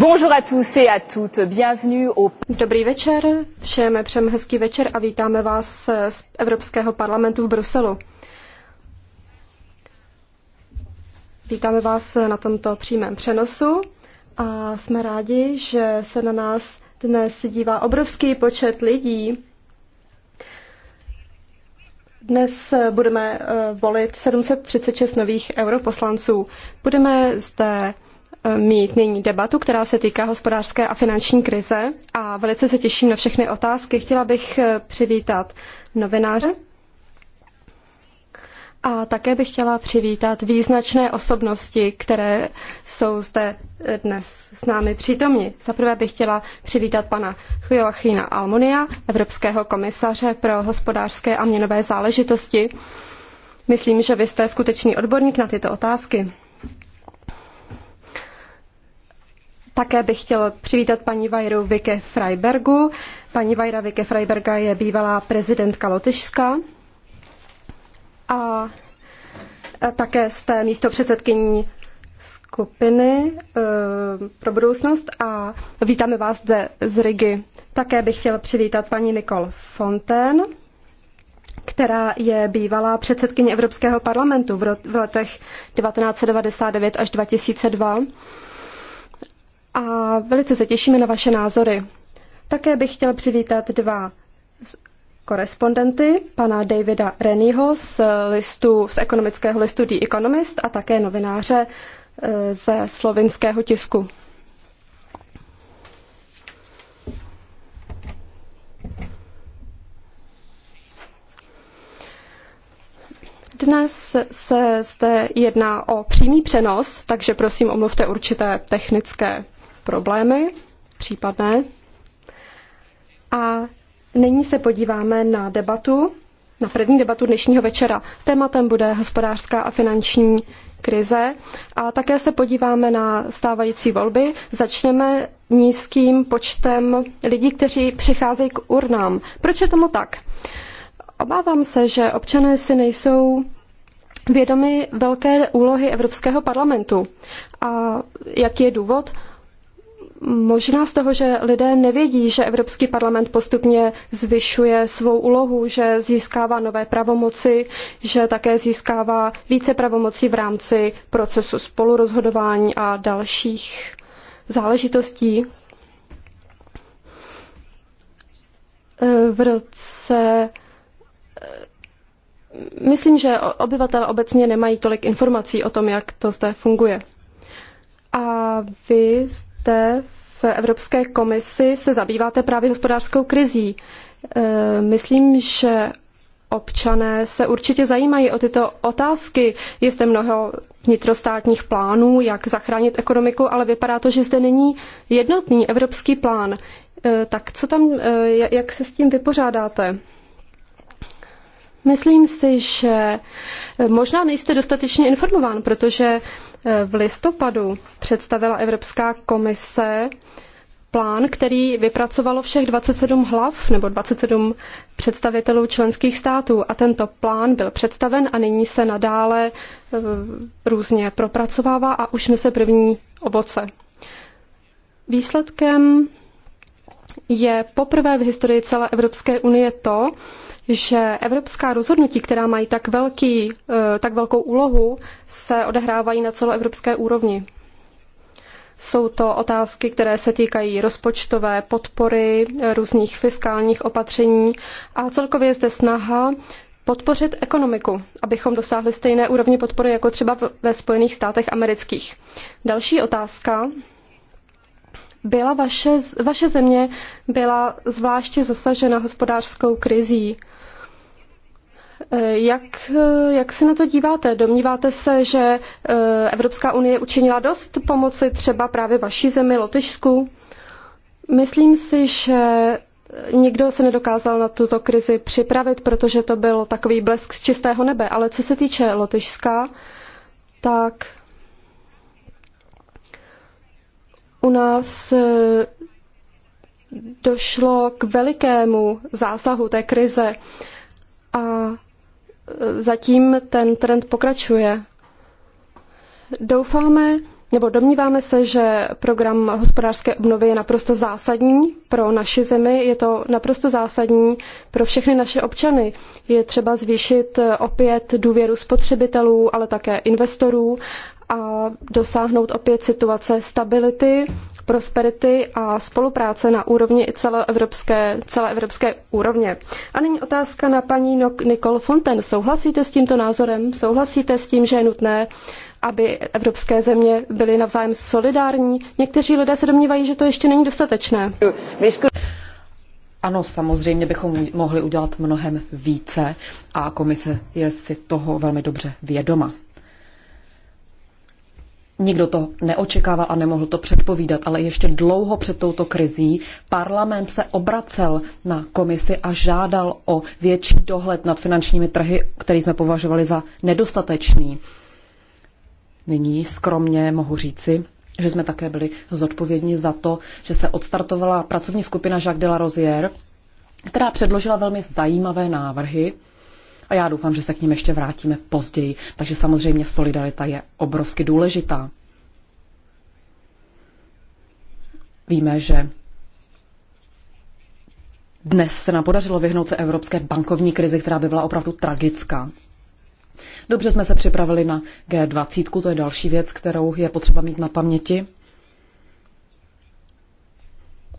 Bonjour à tous et à toutes. Bienvenue au... Dobrý večer, všem přem hezký večer a vítáme vás eh, z Evropského parlamentu v Bruselu. Vítáme vás eh, na tomto přímém přenosu a jsme rádi, že se na nás dnes dívá obrovský počet lidí. Dnes eh, budeme volit 736 nových europoslanců. Budeme zde Eh, mít nyní debatu, která se týká hospodářské a finanční krize a velice se těším na všechny otázky. Chtěla bych eh, přivítat novináře a také bych chtěla přivítat význačné osobnosti, které jsou zde eh, dnes s námi přítomni. Zaprvé bych chtěla přivítat pana Joachina Almonia, Evropského komisaře pro hospodářské a měnové záležitosti. Myslím, že vy jste skutečný odborník na tyto otázky. Také bych chtěl přivítat paní Vajru Vike Freibergu. Paní Vajra Vike Freiberga je bývalá prezidentka Lotyšska a také jste místo předsedkyní skupiny eh, pro budoucnost a vítáme vás zde z Rigi. Také bych chtěl přivítat paní Nicole Fontaine, která je bývalá předsedkyně Evropského parlamentu v letech 1999 až 2002 a velice se těšíme na vaše názory. Také bych chtěl přivítat dva korespondenty, pana Davida Reního z, listu, z ekonomického listu The Economist a také novináře e, ze slovinského tisku. Dnes se zde jedná o přímý přenos, takže prosím omluvte určité technické problémy případné. A nyní se podíváme na debatu, na první debatu dnešního večera. Tématem bude hospodářská a finanční krize a také se podíváme na stávající volby. Začneme nízkým počtem lidí, kteří přicházejí k urnám. Proč je tomu tak? Obávám se, že občané si nejsou vědomi velké úlohy Evropského parlamentu. A jaký je důvod? možná z toho, že lidé nevědí, že Evropský parlament postupně zvyšuje svou úlohu, že získává nové pravomoci, že také získává více pravomocí v rámci procesu spolurozhodování a dalších záležitostí. V roce Myslím, že obyvatel obecně nemají tolik informací o tom, jak to zde funguje. A vy máte v Evropské komisi, se zabýváte právě hospodářskou krizí. E, myslím, že občané se určitě zajímají o tyto otázky. Je zde mnoho vnitrostátních plánů, jak zachránit ekonomiku, ale vypadá to, že zde není jednotný evropský plán. E, tak co tam, e, jak se s tím vypořádáte? Myslím si, že možná nejste dostatečně informován, protože v listopadu představila Evropská komise plán, který vypracovalo všech 27 hlav nebo 27 představitelů členských států. A tento plán byl představen a nyní se nadále eh, různě propracovává a už nese první ovoce. Výsledkem je poprvé v historii celé Evropské unie to, že evropská rozhodnutí, která mají tak, velký, eh, tak velkou úlohu, se odehrávají na celoevropské úrovni. Jsou to otázky, které se týkají rozpočtové podpory, eh, různých fiskálních opatření a celkově je zde snaha podpořit ekonomiku, abychom dosáhli stejné úrovně podpory jako třeba ve Spojených státech amerických. Další otázka. Byla vaše, vaše země byla zvláště zasažena hospodářskou krizí. Jak, jak se na to díváte? Domníváte se, že eh, Evropská unie učinila dost pomoci třeba právě vaší zemi, Lotyšsku? Myslím si, že nikdo se nedokázal na tuto krizi připravit, protože to byl takový blesk z čistého nebe. Ale co se týče Lotyšska, tak u nás eh, došlo k velikému zásahu té krize a zatím ten trend pokračuje. Doufáme, nebo domníváme se, že program hospodářské obnovy je naprosto zásadní pro naši zemi, je to naprosto zásadní pro všechny naše občany. Je třeba zvýšit eh, opět důvěru spotřebitelů, ale také investorů a dosáhnout opět situace stability prosperity a spolupráce na úrovni i celoevropské, celoevropské úrovně. A nyní otázka na paní Nicole Fonten. Souhlasíte s tímto názorem? Souhlasíte s tím, že je nutné aby evropské země byly navzájem solidární. Někteří lidé se domnívají, že to ještě není dostatečné. Ano, samozřejmě bychom mohli udělat mnohem více a komise je si toho velmi dobře vědoma. Nikdo to neočekával a nemohl to předpovídat, ale ještě dlouho před touto krizí parlament se obracel na komisi a žádal o větší dohled nad finančními trhy, který jsme považovali za nedostatečný. Nyní skromně mohu říci, že jsme také byli zodpovědní za to, že se odstartovala pracovní skupina Jacques de la Rosière, která předložila velmi zajímavé návrhy, a já doufám, že se k ním ještě vrátíme později. Takže samozřejmě solidarita je obrovsky důležitá. Víme, že dnes se nám podařilo vyhnout se evropské bankovní krizi, která by byla opravdu tragická. Dobře jsme se připravili na G20, to je další věc, kterou je potřeba mít na paměti.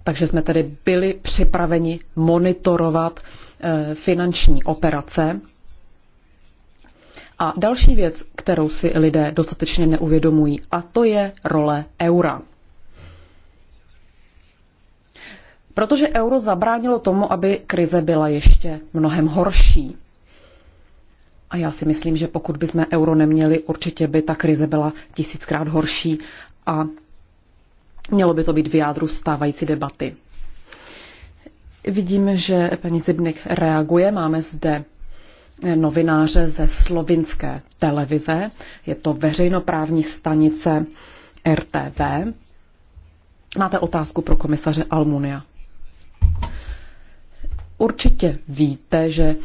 Takže jsme tedy byli připraveni monitorovat eh, finanční operace a další věc, kterou si lidé dostatečně neuvědomují, a to je role eura. Protože euro zabránilo tomu, aby krize byla ještě mnohem horší. A já si myslím, že pokud bychom euro neměli, určitě by ta krize byla tisíckrát horší a mělo by to být v jádru stávající debaty. Vidím, že paní Zibnik reaguje. Máme zde novináře ze slovinské televize. Je to veřejnoprávní stanice RTV. Máte otázku pro komisaře Almunia. Určitě víte, že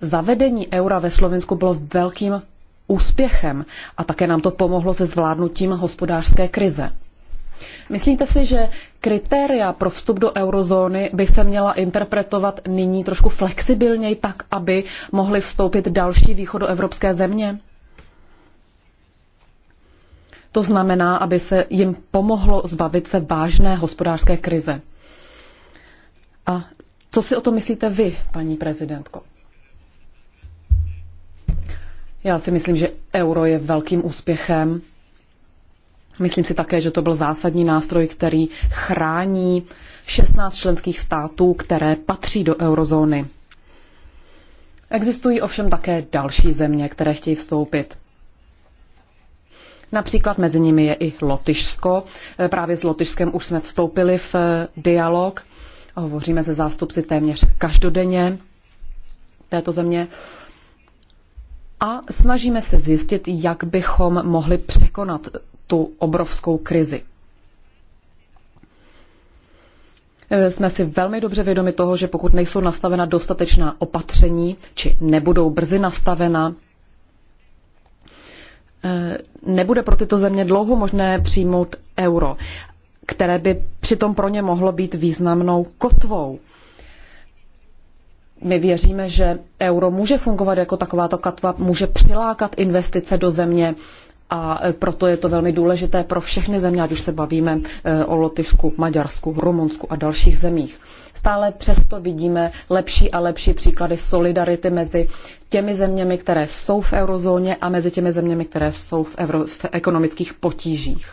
zavedení eura ve Slovensku bylo velkým úspěchem a také nám to pomohlo se zvládnutím hospodářské krize. Myslíte si, že kritéria pro vstup do eurozóny by se měla interpretovat nyní trošku flexibilněji, tak aby mohly vstoupit další východoevropské země? To znamená, aby se jim pomohlo zbavit se vážné hospodářské krize. A co si o to myslíte vy, paní prezidentko? Já si myslím, že euro je velkým úspěchem Myslím si také, že to byl zásadní nástroj, který chrání 16 členských států, které patří do eurozóny. Existují ovšem také další země, které chtějí vstoupit. Například mezi nimi je i Lotyšsko. Právě s Lotyšskem už jsme vstoupili v dialog. Hovoříme se zástupci téměř každodenně této země a snažíme se zjistit, jak bychom mohli překonat tu obrovskou krizi. E, jsme si velmi dobře vědomi toho, že pokud nejsou nastavena dostatečná opatření, či nebudou brzy nastavena, e, nebude pro tyto země dlouho možné přijmout euro, které by přitom pro ně mohlo být významnou kotvou. My věříme, že euro může fungovat jako taková to katva, může přilákat investice do země, a e, proto je to velmi důležité pro všechny země, ať už se bavíme e, o Lotyšsku, Maďarsku, Rumunsku a dalších zemích. Stále přesto vidíme lepší a lepší příklady solidarity mezi těmi zeměmi, které jsou v eurozóně a mezi těmi zeměmi, které jsou v, euro, v ekonomických potížích.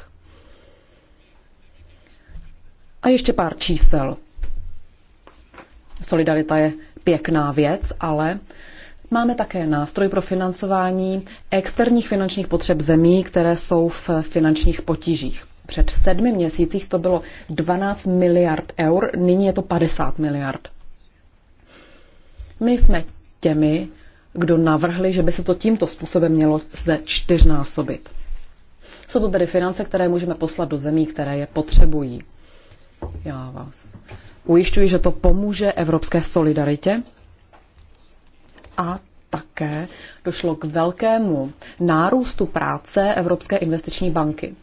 A ještě pár čísel. Solidarita je pěkná věc, ale uh, Máme také nástroj pro financování externích finančních potřeb zemí, které jsou v finančních potížích. Před sedmi měsících to bylo 12 miliard eur, nyní je to 50 miliard. My jsme těmi, kdo navrhli, že by se to tímto způsobem mělo zde čtyřnásobit. Jsou to tedy finance, které můžeme poslat do zemí, které je potřebují. Já vás ujišťuji, že to pomůže evropské solidaritě a také došlo k velkému nárůstu práce Evropské investiční banky,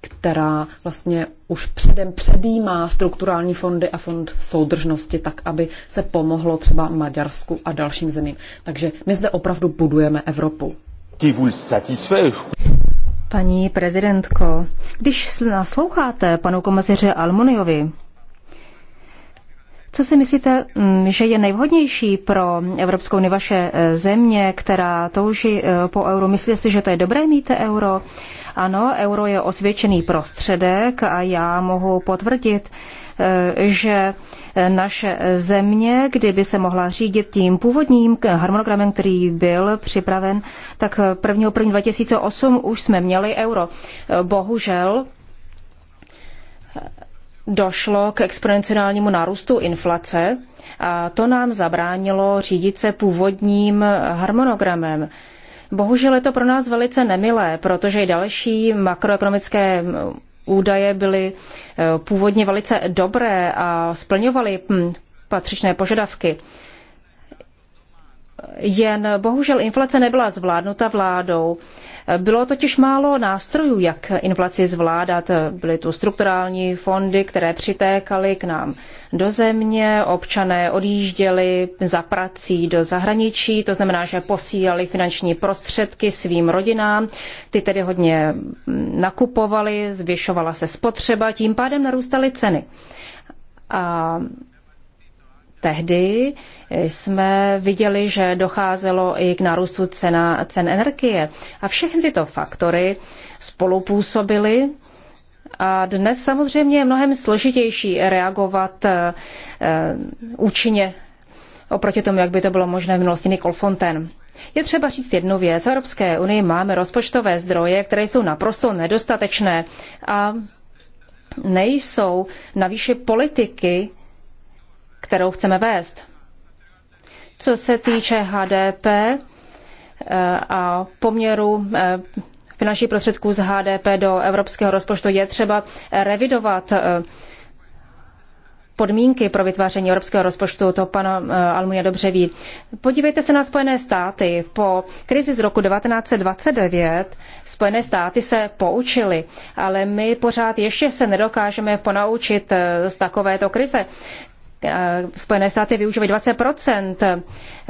která vlastně už předem předjímá strukturální fondy a fond soudržnosti tak, aby se pomohlo třeba Maďarsku a dalším zemím. Takže my zde opravdu budujeme Evropu. Paní prezidentko, když nasloucháte panu komisaři Almoniovi, co si myslíte, mm, že je nejvhodnější pro Evropskou unii vaše e, země, která touží e, po euro? Myslíte si, že to je dobré mít euro? Ano, euro je osvědčený prostředek a já mohu potvrdit, e, že naše země, kdyby se mohla řídit tím původním harmonogramem, který byl připraven, tak 1.1.2008 už jsme měli euro. Bohužel došlo k exponenciálnímu nárůstu inflace a to nám zabránilo řídit se původním harmonogramem. Bohužel je to pro nás velice nemilé, protože i další makroekonomické údaje byly eh, původně velice dobré a splňovaly hm, patřičné požadavky jen bohužel inflace nebyla zvládnuta vládou. Bylo totiž málo nástrojů, jak inflaci zvládat. Byly tu strukturální fondy, které přitékaly k nám do země, občané odjížděli za prací do zahraničí, to znamená, že posílali finanční prostředky svým rodinám, ty tedy hodně nakupovali, zvyšovala se spotřeba, tím pádem narůstaly ceny. A tehdy jsme viděli, že docházelo i k nárůstu cena, cen energie. A všechny tyto faktory spolupůsobily a dnes samozřejmě je mnohem složitější reagovat eh, účinně oproti tomu, jak by to bylo možné v minulosti Nicole Fontaine. Je třeba říct jednu věc. V Evropské unii máme rozpočtové zdroje, které jsou naprosto nedostatečné a nejsou na výši politiky, kterou chceme vést. Co se týče HDP eh, a poměru eh, finančních prostředků z HDP do evropského rozpočtu, je třeba revidovat eh, podmínky pro vytváření evropského rozpočtu, to pan Almuja dobře ví. Podívejte se na Spojené státy. Po krizi z roku 1929 Spojené státy se poučily, ale my pořád ještě se nedokážeme ponaučit z takovéto krize. Eh, Spojené státy využívají 20 eh,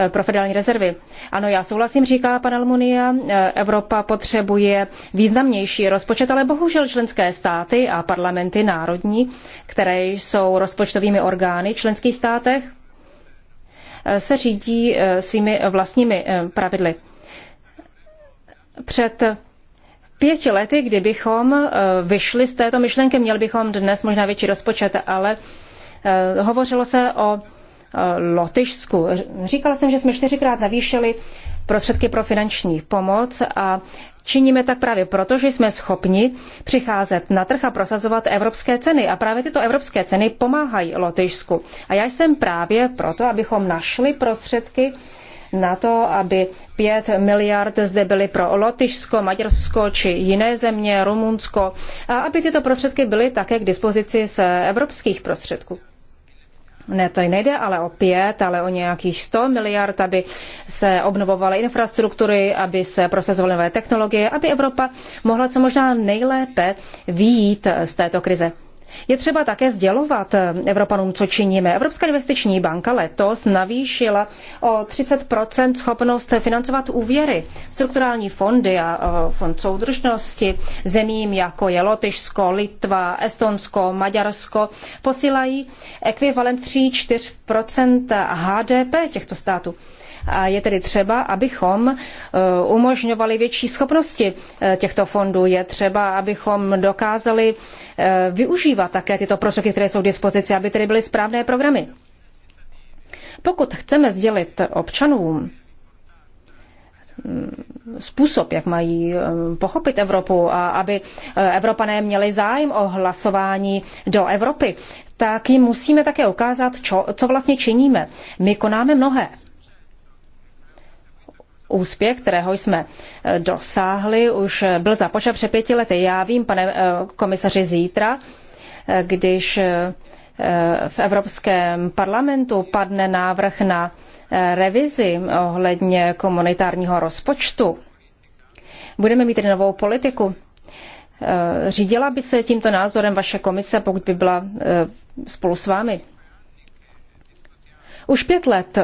pro federální rezervy. Ano, já souhlasím, říká pan Almunia, eh, Evropa potřebuje významnější rozpočet, ale bohužel členské státy a parlamenty národní, které jsou rozpočtovými orgány v členských státech, se řídí svými vlastními pravidly. Před pěti lety, kdybychom vyšli z této myšlenky, měli bychom dnes možná větší rozpočet, ale Eh, hovořilo se o eh, Lotyšsku. Říkala jsem, že jsme čtyřikrát navýšili prostředky pro finanční pomoc a činíme tak právě proto, že jsme schopni přicházet na trh a prosazovat evropské ceny. A právě tyto evropské ceny pomáhají Lotyšsku. A já jsem právě proto, abychom našli prostředky na to, aby 5 miliard zde byly pro Lotyšsko, Maďarsko či jiné země, Rumunsko, a aby tyto prostředky byly také k dispozici z evropských prostředků ne, to nejde ale o pět, ale o nějakých 100 miliard, aby se obnovovaly infrastruktury, aby se prosazovaly nové technologie, aby Evropa mohla co možná nejlépe výjít z této krize. Je třeba také sdělovat eh, Evropanům, co činíme. Evropská investiční banka letos navýšila o 30 schopnost financovat úvěry. Strukturální fondy a eh, fond soudržnosti zemím jako je Lotyšsko, Litva, Estonsko, Maďarsko posílají ekvivalent 3-4 HDP těchto států. A je tedy třeba, abychom eh, umožňovali větší schopnosti těchto fondů. Je třeba, abychom dokázali Eh, využívat také tyto prostředky, které jsou k dispozici, aby tedy byly správné programy. Pokud chceme sdělit občanům mm, způsob, jak mají eh, pochopit Evropu a aby eh, Evropané měli zájem o hlasování do Evropy, tak jim musíme také ukázat, čo, co vlastně činíme. My konáme mnohé úspěch, kterého jsme eh, dosáhli, už eh, byl započat před pěti lety. Já vím, pane eh, komisaři, zítra, když v Evropském parlamentu padne návrh na revizi ohledně komunitárního rozpočtu, budeme mít tedy novou politiku. Řídila by se tímto názorem vaše komise, pokud by byla spolu s vámi? Už pět let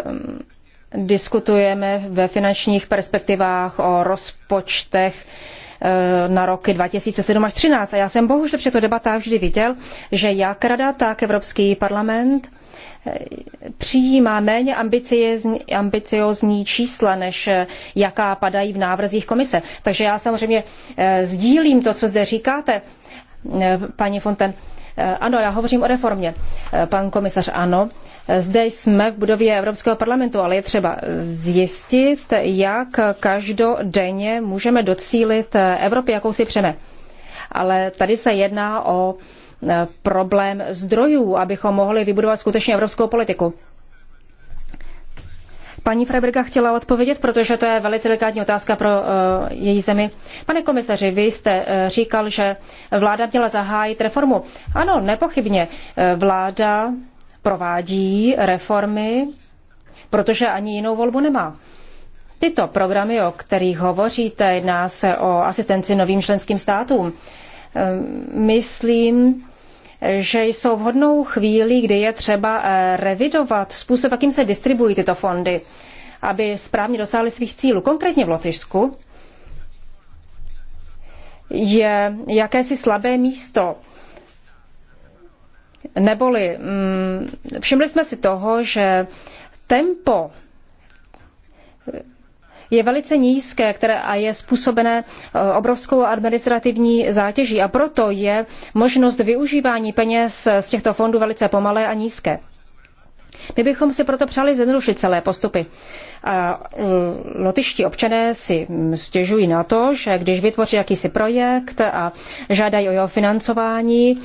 diskutujeme ve finančních perspektivách o rozpočtech e, na roky 2007 až 2013. A já jsem bohužel v těchto debatách vždy viděl, že jak Rada, tak Evropský parlament e, přijímá méně ambiciozní čísla, než e, jaká padají v návrzích komise. Takže já samozřejmě sdílím to, co zde říkáte, paní Fonten, Eh, ano, já hovořím o reformě. Eh, pan komisař, ano. Eh, zde jsme v budově Evropského parlamentu, ale je třeba zjistit, jak každodenně můžeme docílit Evropy, jakou si přeme. Ale tady se jedná o problém zdrojů, abychom mohli vybudovat skutečně evropskou politiku. Paní Freiberga chtěla odpovědět, protože to je velice delikátní otázka pro uh, její zemi. Pane komisaři, vy jste uh, říkal, že vláda měla zahájit reformu. Ano, nepochybně. Uh, vláda provádí reformy, protože ani jinou volbu nemá. Tyto programy, o kterých hovoříte, jedná se o asistenci novým členským státům. Myslím, že jsou vhodnou chvílí, kdy je třeba eh, revidovat způsob, jakým se distribuují tyto fondy, aby správně dosáhly svých cílů. Konkrétně v Lotyšsku je jakési slabé místo. Neboli mm, všimli jsme si toho, že tempo je velice nízké které, a je způsobené eh, obrovskou administrativní zátěží. A proto je možnost využívání peněz z těchto fondů velice pomalé a nízké. My bychom si proto přáli zjednodušit celé postupy. A mm, občané si stěžují na to, že když vytvoří jakýsi projekt a žádají o jeho financování,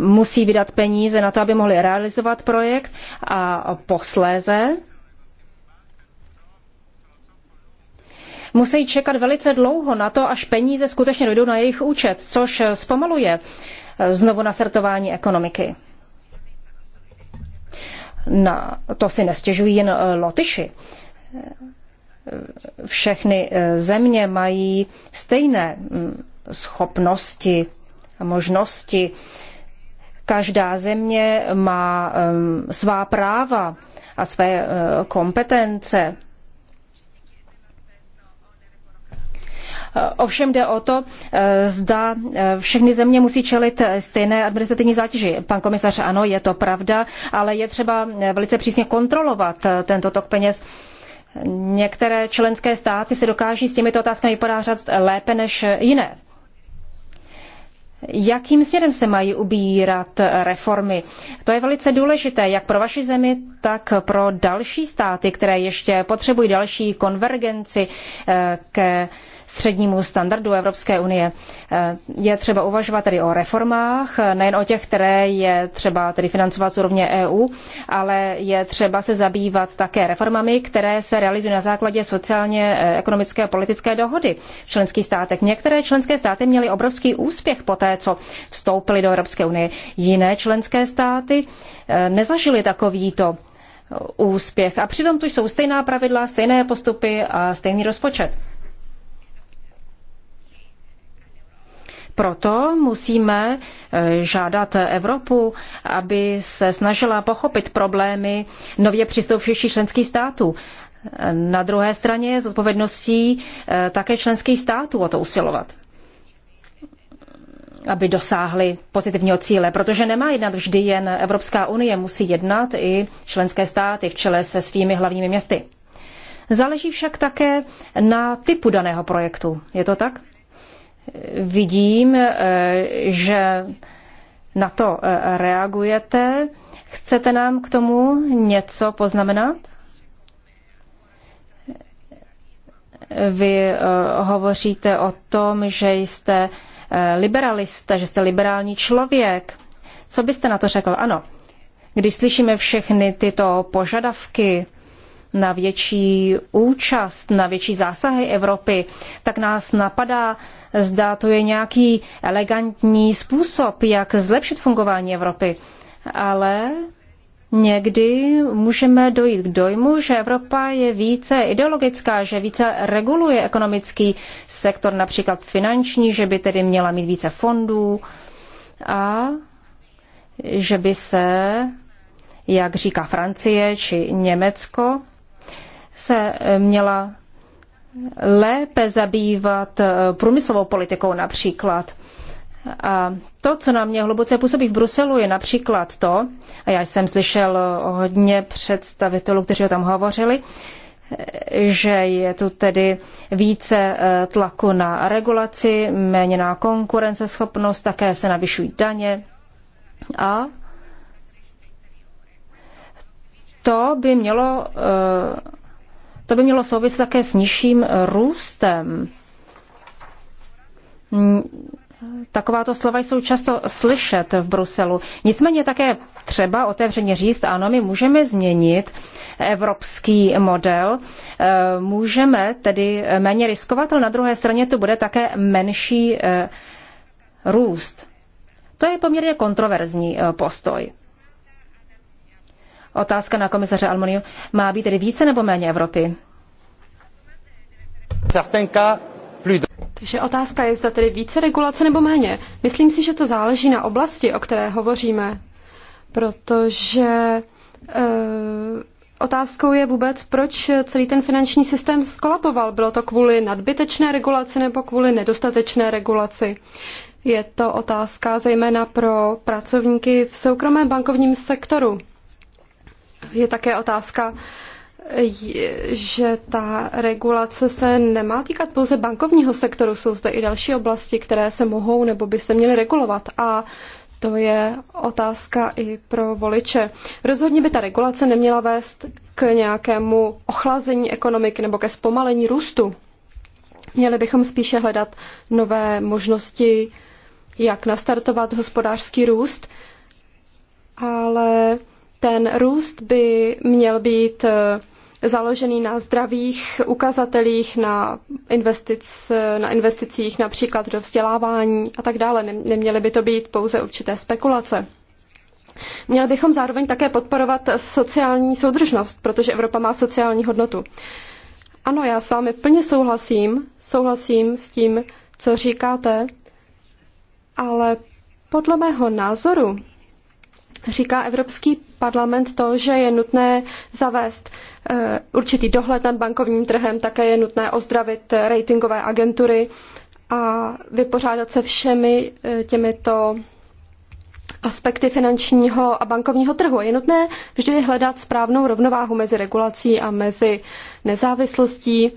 musí vydat peníze na to, aby mohli realizovat projekt a posléze musí čekat velice dlouho na to, až peníze skutečně dojdou na jejich účet, což eh, zpomaluje eh, znovu nasertování ekonomiky. Na to si nestěžují jen eh, Lotyši. Všechny země mají stejné mm, schopnosti a možnosti. Každá země má mm, svá práva a své kompetence. Ovšem jde o to, eh, zda eh, všechny země musí čelit eh, stejné administrativní zátěži. Pan komisař, ano, je to pravda, ale je třeba velice přísně kontrolovat tento tok peněz. Některé členské státy se dokáží s těmito otázkami vypořádat lépe než jiné. Jakým směrem se mají ubírat reformy? To je velice důležité, jak pro vaši zemi, tak pro další státy, které ještě potřebují další konvergenci ke střednímu standardu Evropské unie. Eh, je třeba uvažovat tedy o reformách, eh, nejen o těch, které je třeba tedy financovat z úrovně EU, ale je třeba se zabývat také reformami, které se realizují na základě sociálně eh, ekonomické a politické dohody v členských státech. Některé členské státy měly obrovský úspěch po té, co vstoupily do Evropské unie. Jiné členské státy nezažily takovýto úspěch. A přitom tu jsou stejná pravidla, stejné postupy a stejný rozpočet. Proto musíme eh, žádat Evropu, aby se snažila pochopit problémy nově přistoupivších členských států. Na druhé straně je zodpovědností eh, také členských států o to usilovat aby dosáhli pozitivního cíle, protože nemá jednat vždy jen Evropská unie, musí jednat i členské státy v čele se svými hlavními městy. Záleží však také na typu daného projektu. Je to tak? vidím, eh, že na to eh, reagujete. Chcete nám k tomu něco poznamenat? Vy eh, hovoříte o tom, že jste liberalista, že jste liberální člověk. Co byste na to řekl? Ano, když slyšíme všechny tyto požadavky, na větší účast, na větší zásahy Evropy, tak nás napadá, zda to je nějaký elegantní způsob, jak zlepšit fungování Evropy. Ale Někdy můžeme dojít k dojmu, že Evropa je více ideologická, že více reguluje ekonomický sektor, například finanční, že by tedy měla mít více fondů a že by se, jak říká Francie či Německo, se eh, měla lépe zabývat eh, průmyslovou politikou například. A to, co na mě hluboce působí v Bruselu, je například to, a já jsem slyšel eh, hodně představitelů, kteří o tom hovořili, že je tu tedy více tlaku na regulaci, méně na konkurenceschopnost, také se navyšují daně a to by mělo to by mělo souviset také s nižším růstem. Takováto slova jsou často slyšet v Bruselu. Nicméně také třeba otevřeně říct, ano, my můžeme změnit evropský model, eh, můžeme tedy méně riskovat, ale na druhé straně to bude také menší eh, růst. To je poměrně kontroverzní eh, postoj. Otázka na komisaře Almoniu. Má být tedy více nebo méně Evropy? Takže otázka je, zda tedy více regulace nebo méně. Myslím si, že to záleží na oblasti, o které hovoříme. Protože e, otázkou je vůbec, proč celý ten finanční systém skolaboval. Bylo to kvůli nadbytečné regulaci nebo kvůli nedostatečné regulaci? Je to otázka zejména pro pracovníky v soukromém bankovním sektoru je také otázka, že ta regulace se nemá týkat pouze bankovního sektoru, jsou zde i další oblasti, které se mohou nebo by se měly regulovat. A to je otázka i pro voliče. Rozhodně by ta regulace neměla vést k nějakému ochlazení ekonomiky nebo ke zpomalení růstu. Měli bychom spíše hledat nové možnosti, jak nastartovat hospodářský růst, ale ten růst by měl být eh, založený na zdravých ukazatelích, na, investic, na investicích například do vzdělávání a tak dále. Neměly by to být pouze určité spekulace. Měli bychom zároveň také podporovat sociální soudržnost, protože Evropa má sociální hodnotu. Ano, já s vámi plně souhlasím, souhlasím s tím, co říkáte, ale podle mého názoru říká Evropský parlament to, že je nutné zavést eh, určitý dohled nad bankovním trhem, také je nutné ozdravit ratingové agentury a vypořádat se všemi eh, těmito aspekty finančního a bankovního trhu. Je nutné vždy hledat správnou rovnováhu mezi regulací a mezi nezávislostí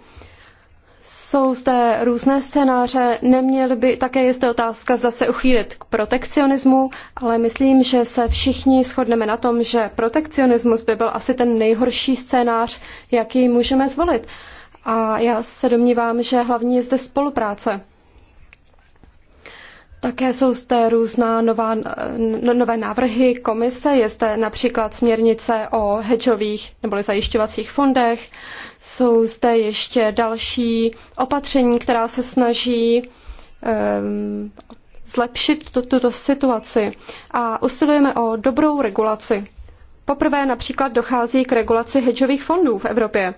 jsou zde různé scénáře, neměly by, také je zde otázka, zda se uchýlit k protekcionismu, ale myslím, že se všichni shodneme na tom, že protekcionismus by byl asi ten nejhorší scénář, jaký můžeme zvolit. A já se domnívám, že hlavní je zde spolupráce. Také jsou zde různá nová, nové návrhy komise, je zde například směrnice o hedžových nebo zajišťovacích fondech, jsou zde ještě další opatření, která se snaží um, zlepšit tuto situaci a usilujeme o dobrou regulaci. Poprvé například dochází k regulaci hedžových fondů v Evropě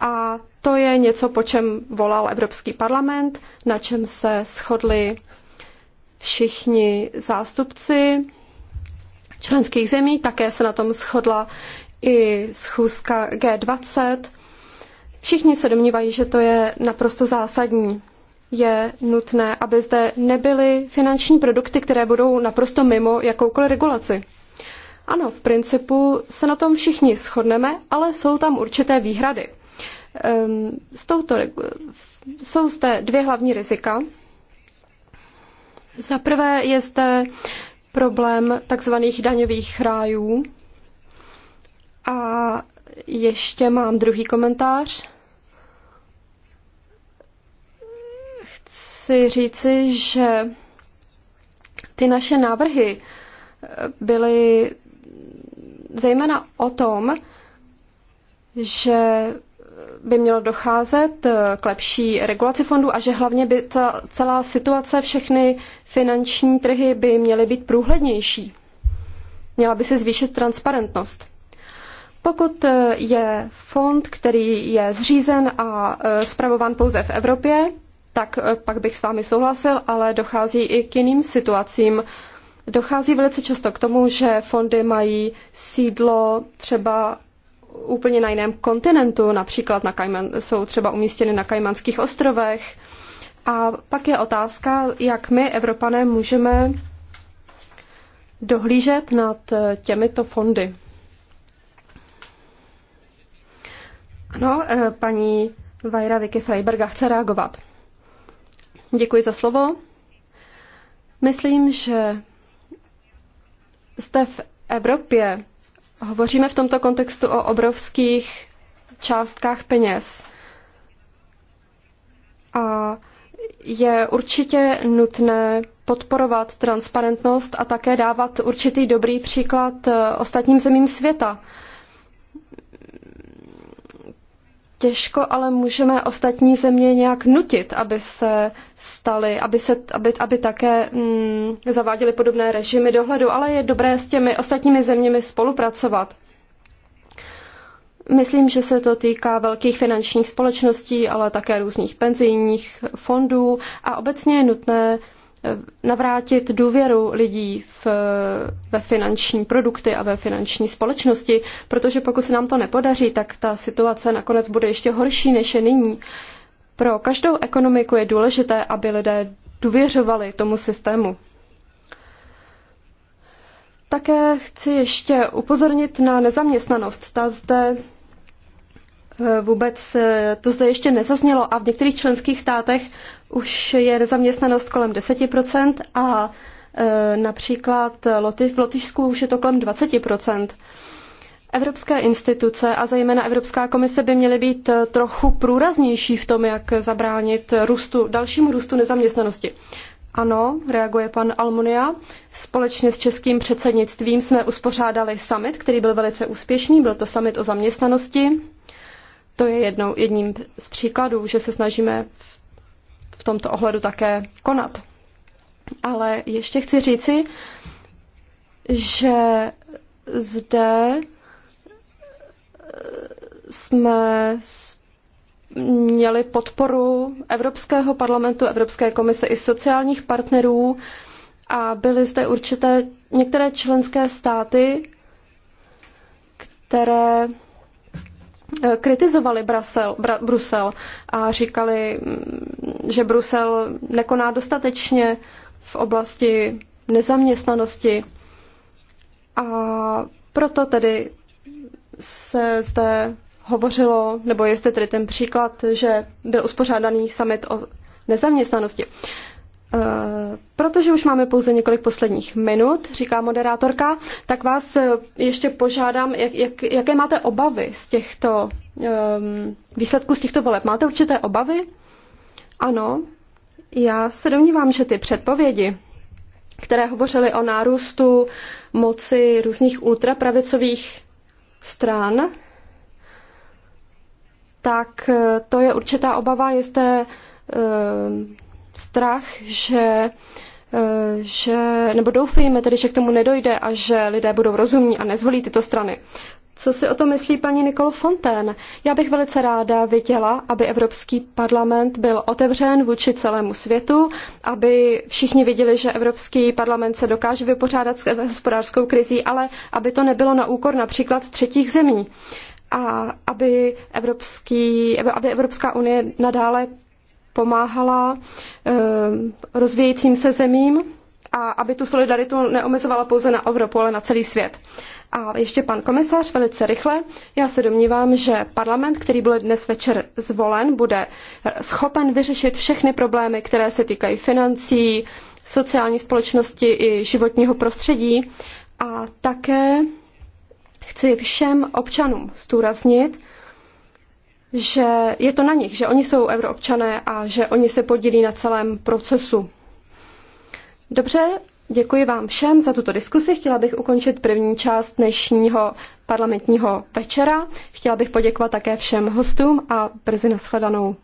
a to je něco, po čem volal Evropský parlament, na čem se shodli všichni zástupci členských zemí, také se na tom shodla i schůzka G20. Všichni se domnívají, že to je naprosto zásadní. Je nutné, aby zde nebyly finanční produkty, které budou naprosto mimo jakoukoliv regulaci. Ano, v principu se na tom všichni shodneme, ale jsou tam určité výhrady. Um, s touto, jsou zde dvě hlavní rizika, za prvé je zde problém takzvaných daňových rájů. A ještě mám druhý komentář. Chci říci, že ty naše návrhy byly zejména o tom, že by mělo docházet eh, k lepší regulaci fondů a že hlavně by ta celá situace, všechny finanční trhy by měly být průhlednější. Měla by se zvýšit transparentnost. Pokud eh, je fond, který je zřízen a zpravován eh, pouze v Evropě, tak pak bych s vámi souhlasil, ale dochází i k jiným situacím. Dochází velice často k tomu, že fondy mají sídlo třeba úplně na jiném kontinentu, například na Kajman, jsou třeba umístěny na Kajmanských ostrovech. A pak je otázka, jak my, Evropané, můžeme dohlížet nad eh, těmito fondy. Ano, eh, paní Vajra Vicky Freiberga chce reagovat. Děkuji za slovo. Myslím, že zde v Evropě Hovoříme v tomto kontextu o obrovských částkách peněz. A je určitě nutné podporovat transparentnost a také dávat určitý dobrý příklad eh, ostatním zemím světa. Těžko ale můžeme ostatní země nějak nutit, aby se staly, aby, se, aby, aby také mm, zaváděly podobné režimy dohledu, ale je dobré s těmi ostatními zeměmi spolupracovat. Myslím, že se to týká velkých finančních společností, ale také různých penzijních fondů a obecně je nutné eh, navrátit důvěru lidí v, ve finanční produkty a ve finanční společnosti, protože pokud se nám to nepodaří, tak ta situace nakonec bude ještě horší, než je nyní. Pro každou ekonomiku je důležité, aby lidé důvěřovali tomu systému. Také chci ještě upozornit na nezaměstnanost. Ta zde eh, vůbec, eh, to zde ještě nezaznělo a v některých členských státech už je nezaměstnanost kolem 10% a eh, například v Lotyšsku už je to kolem Evropské instituce a zejména Evropská komise by měly být eh, trochu průraznější v tom, jak zabránit růstu, dalšímu růstu nezaměstnanosti. Ano, reaguje pan Almunia. Společně s českým předsednictvím jsme uspořádali summit, který byl velice úspěšný. Byl to summit o zaměstnanosti. To je jednou, jedním z příkladů, že se snažíme v tomto ohledu také konat. Ale ještě chci říci, že zde jsme měli podporu Evropského parlamentu, Evropské komise i sociálních partnerů a byly zde určité některé členské státy, které eh, kritizovali Brusel, Brusel a říkali, mm, že Brusel nekoná dostatečně v oblasti nezaměstnanosti. A proto tedy se zde hovořilo, nebo je zde tedy ten příklad, že byl uspořádaný summit o nezaměstnanosti. Eh, protože už máme pouze několik posledních minut, říká moderátorka, tak vás eh, ještě požádám, jak, jak, jaké máte obavy z těchto um, výsledků z těchto voleb. Máte určité obavy? Ano, já se domnívám, že ty předpovědi, které hovořily o nárůstu moci různých ultrapravicových stran, tak e, to je určitá obava, jisté e, strach, že, e, že, nebo doufejme tedy, že k tomu nedojde a že lidé budou rozumní a nezvolí tyto strany. Co si o to myslí paní Nikol Fontaine? Já bych velice ráda viděla, aby Evropský parlament byl otevřen vůči celému světu, aby všichni viděli, že Evropský parlament se dokáže vypořádat s hospodářskou krizí, ale aby to nebylo na úkor například třetích zemí. A aby, Evropský, aby Evropská unie nadále pomáhala eh, rozvíjejícím se zemím a aby tu solidaritu neomezovala pouze na Evropu, ale na celý svět. A ještě pan komisař, velice rychle. Já se domnívám, že parlament, který byl dnes večer zvolen, bude schopen vyřešit všechny problémy, které se týkají financí, sociální společnosti i životního prostředí. A také chci všem občanům zdůraznit, že je to na nich, že oni jsou euroobčané a že oni se podílí na celém procesu. Dobře, děkuji vám všem za tuto diskusi. Chtěla bych ukončit první část dnešního parlamentního večera. Chtěla bych poděkovat také všem hostům a brzy nashledanou.